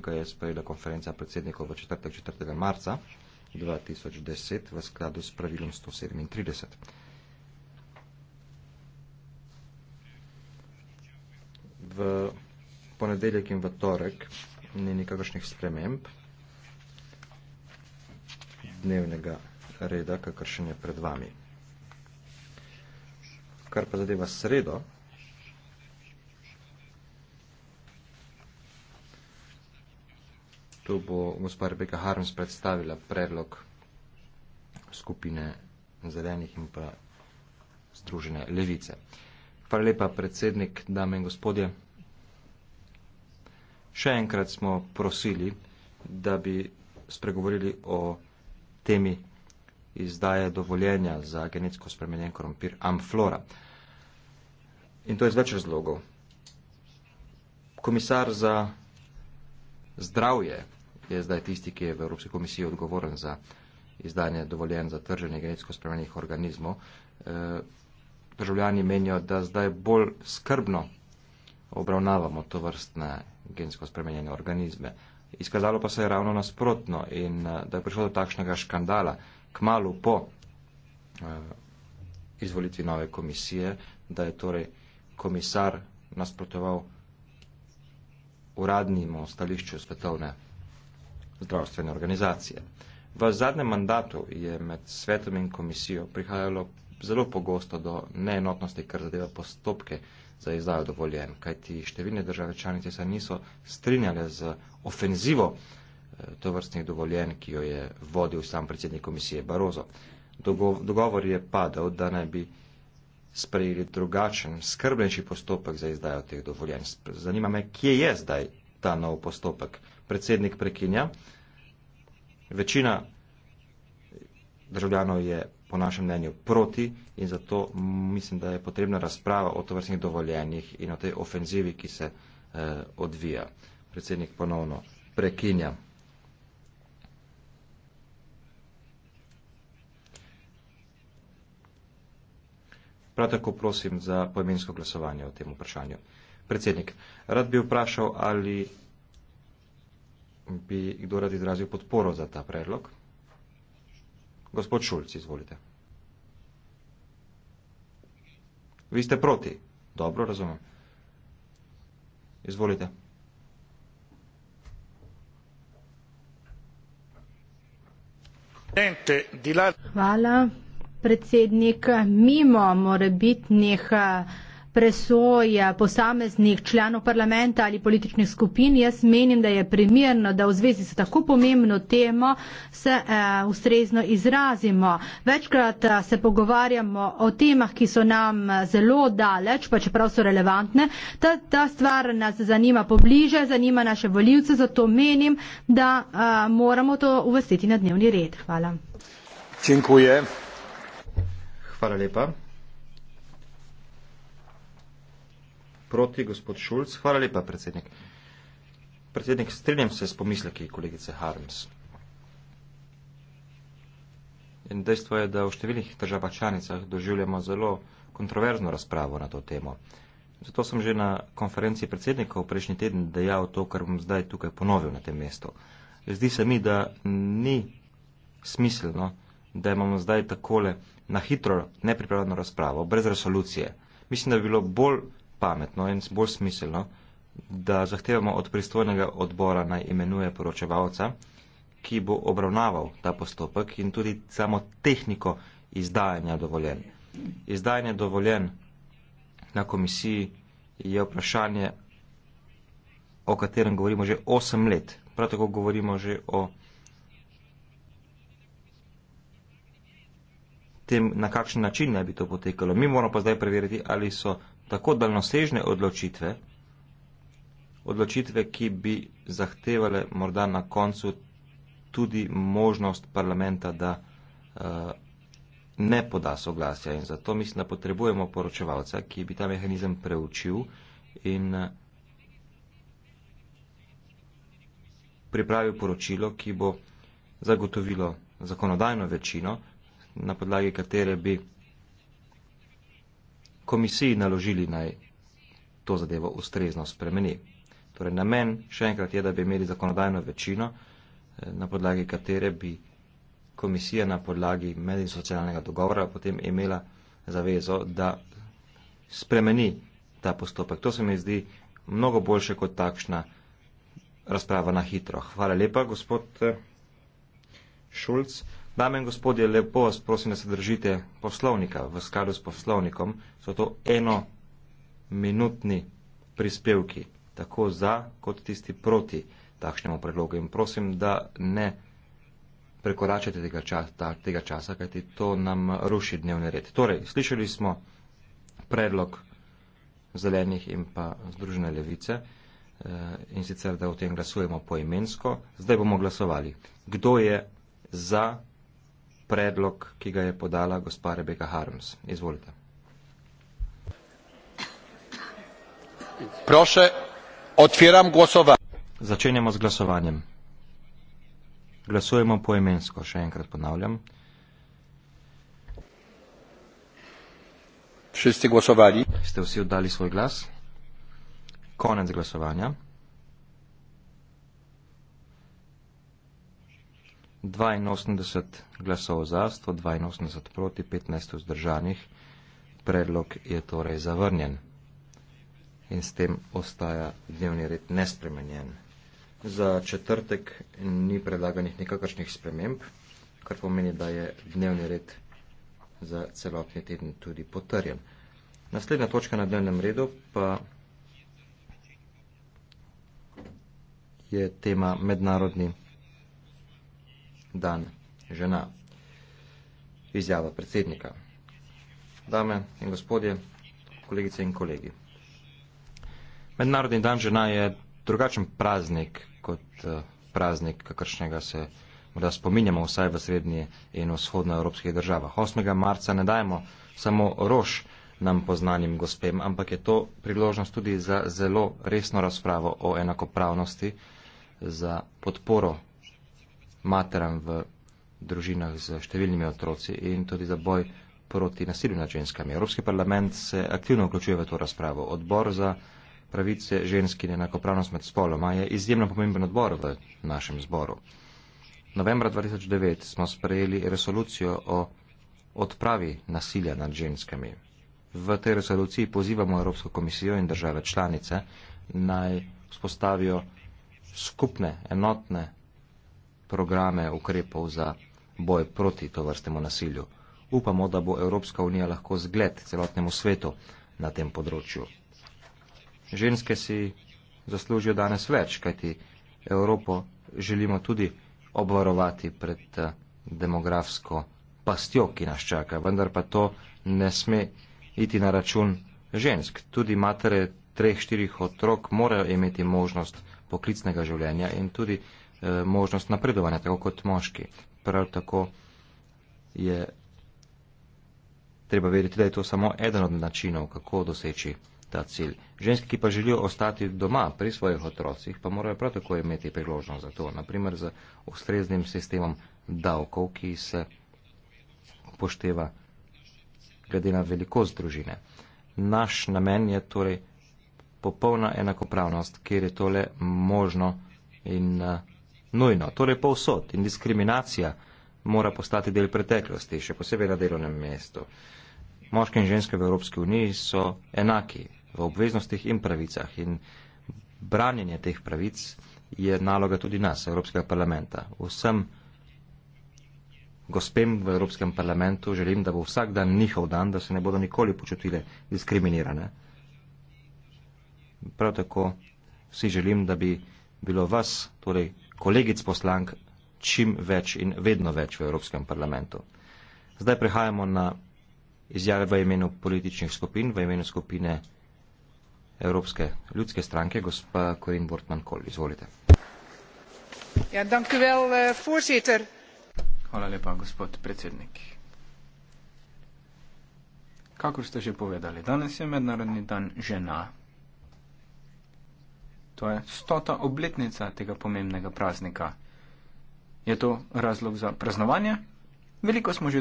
ga je sprejela konferenca predsednikov v četrtek 4. marca 2010 v skladu s pravilom 137. V ponedeljek in v torek ni nikakršnih sprememb dnevnega reda, kakršen je pred vami. Kar pa zadeva sredo, tu bo gospa Rebeka Harms predstavila predlog skupine zelenih in pa združene levice. Hvala lepa, predsednik, dame in gospodje. Še enkrat smo prosili, da bi spregovorili o temi izdaje dovoljenja za genetsko spremenjen korumpir Amflora. In to je iz več razlogov. Komisar za zdravje je zdaj tisti, ki je v Evropski komisiji odgovoren za izdanje dovoljen za trženje genetsko spremenjenih organizmov. E, državljani menijo, da zdaj bolj skrbno obravnavamo to vrstne gensko spremenjene organizme. Izkazalo pa se je ravno nasprotno in e, da je prišlo do takšnega škandala k malu po e, izvolitvi nove komisije, da je torej komisar nasprotoval uradnjemu stališču svetovne zdravstvene organizacije. V zadnjem mandatu je med svetom in komisijo prihajalo zelo pogosto do neenotnosti, kar zadeva postopke za izdajo dovoljen, kajti številne države članice se niso strinjale z ofenzivo eh, tovrstnih dovoljen, ki jo je vodil sam predsednik komisije Barozo. Dogovor je padel, da naj bi sprejeli drugačen, skrbnejši postopek za izdajo teh dovoljenj. Zanima me, kje je zdaj ta nov postopek. Predsednik prekinja. Večina državljanov je po našem mnenju proti in zato mislim, da je potrebna razprava o tovrstnih dovoljenjih in o tej ofenzivi, ki se eh, odvija. Predsednik ponovno prekinja. Prav tako prosim za poimensko glasovanje o tem vprašanju predsednik. Rad bi vprašal, ali bi kdo rad izrazil podporo za ta predlog. Gospod Šulc, izvolite. Vi ste proti. Dobro, razumem. Izvolite. Hvala, predsednik. Mimo morebitnih presoja posameznih članov parlamenta ali političnih skupin. Jaz menim, da je primerno, da v zvezi s tako pomembno temo se uh, ustrezno izrazimo. Večkrat uh, se pogovarjamo o temah, ki so nam eh, zelo daleč, pa čeprav so relevantne. Ta, ta stvar nas zanima pobliže, zanima naše voljivce, zato menim, da uh, moramo to uvrstiti na dnevni red. Hvala. Hvala lepa. proti, gospod Šulc. Hvala lepa, predsednik. Predsednik, strinjam se s pomisleki kolegice Harms. In dejstvo je, da v številnih državah članicah doživljamo zelo kontroverzno razpravo na to temo. Zato sem že na konferenci predsednikov prejšnji teden dejal to, kar bom zdaj tukaj ponovil na tem mestu. Zdi se mi, da ni smiselno, da imamo zdaj takole na hitro nepripravljeno razpravo, brez resolucije. Mislim, da bi bilo bolj pametno in bolj smiselno, da zahtevamo od pristojnega odbora naj imenuje poročevalca, ki bo obravnaval ta postopek in tudi samo tehniko izdajanja dovoljen. Izdajanje dovoljen na komisiji je vprašanje, o katerem govorimo že 8 let. Prav tako govorimo že o tem, na kakšen način naj bi to potekalo. Mi moramo pa zdaj preveriti, ali so tako daljnosežne odločitve, odločitve, ki bi zahtevale morda na koncu tudi možnost parlamenta, da eh, ne poda soglasja in zato mislim, da potrebujemo poročevalca, ki bi ta mehanizem preučil in pripravil poročilo, ki bo zagotovilo zakonodajno večino, na podlagi katere bi komisiji naložili naj to zadevo ustrezno spremeni. Torej, namen še enkrat je, da bi imeli zakonodajno večino, eh, na podlagi katere bi komisija na podlagi medinstitucionalnega dogovora potem imela zavezo, da spremeni ta postopek. To se mi zdi mnogo boljše kot takšna razprava na hitro. Hvala lepa, gospod eh, Šulc. Dame in gospodje, lepo vas prosim, da se držite poslovnika v skladu s poslovnikom. So to eno minutni prispevki, tako za kot tisti proti takšnemu predlogu. In prosim, da ne prekoračate tega, čas, ta, tega časa, kajti to nam ruši dnevni red. Torej, slišali smo predlog zelenih in pa združene levice eh, in sicer, da o tem glasujemo poimensko. Zdaj bomo glasovali. Kdo je za? predlog, ki ga je podala gospa Rebeka Harms. Izvolite. Proše, odpiram glasovanje. Začenjamo z glasovanjem. Glasujemo poemensko, še enkrat ponavljam. Vsi ste glasovali? Ste vsi oddali svoj glas? Konec glasovanja. 82 glasov za, 182 proti, 15 vzdržanih. Predlog je torej zavrnjen in s tem ostaja dnevni red nespremenjen. Za četrtek ni predlaganih nekakršnih sprememb, kar pomeni, da je dnevni red za celotni teden tudi potrjen. Naslednja točka na dnevnem redu pa je tema mednarodni dan žena. Izjava predsednika. Dame in gospodje, kolegice in kolegi. Mednarodni dan žena je drugačen praznik kot eh, praznik, kakršnega se morda spominjamo vsaj v srednji in vzhodnoevropskih državah. 8. marca ne dajemo samo rož nam poznanim gospem, ampak je to priložnost tudi za zelo resno razpravo o enakopravnosti, za podporo materam v družinah z številnimi otroci in tudi za boj proti nasilju nad ženskami. Evropski parlament se aktivno vključuje v to razpravo. Odbor za pravice ženski in enakopravnost med spoloma je izjemno pomemben odbor v našem zboru. Novembra 2009 smo sprejeli resolucijo o odpravi nasilja nad ženskami. V tej resoluciji pozivamo Evropsko komisijo in države članice naj vzpostavijo skupne, enotne programe ukrepov za boj proti to vrstemu nasilju. Upamo, da bo Evropska unija lahko zgled celotnemu svetu na tem področju. Ženske si zaslužijo danes več, kajti Evropo želimo tudi obvarovati pred eh, demografsko pastjo, ki nas čaka. Vendar pa to ne sme iti na račun žensk. Tudi matere treh, štirih otrok morajo imeti možnost poklicnega življenja in tudi Eh, možnost napredovanja, tako kot moški. Prav tako je treba vedeti, da je to samo eden od načinov, kako doseči ta cilj. Ženske, ki pa želijo ostati doma pri svojih otrocih, pa morajo prav tako imeti priložnost za to, naprimer z ustreznim sistemom davkov, ki se upošteva glede na velikost družine. Naš namen je torej popolna enakopravnost, kjer je tole možno in uh, Nujno, torej povsod in diskriminacija mora postati del preteklosti, še posebej na delovnem mestu. Moške in ženske v Evropski uniji so enaki v obveznostih in pravicah in branjenje teh pravic je naloga tudi nas, Evropskega parlamenta. Vsem gospem v Evropskem parlamentu želim, da bo vsak dan njihov dan, da se ne bodo nikoli počutile diskriminirane. Prav tako si želim, da bi bilo vas, torej kolegic poslank čim več in vedno več v Evropskem parlamentu. Zdaj prehajamo na izjave v imenu političnih skupin, v imenu skupine Evropske ljudske stranke, gospa Corinne Bortman-Koll. Izvolite. Ja, dankjewel, eh, voorzitter. Hvala lepa, gospod predsednik. Kakor ste že povedali, danes je mednarodni dan žena, To je stota obletnica tega pomembnega praznika. Je to razlog za praznovanje? Veliko smo že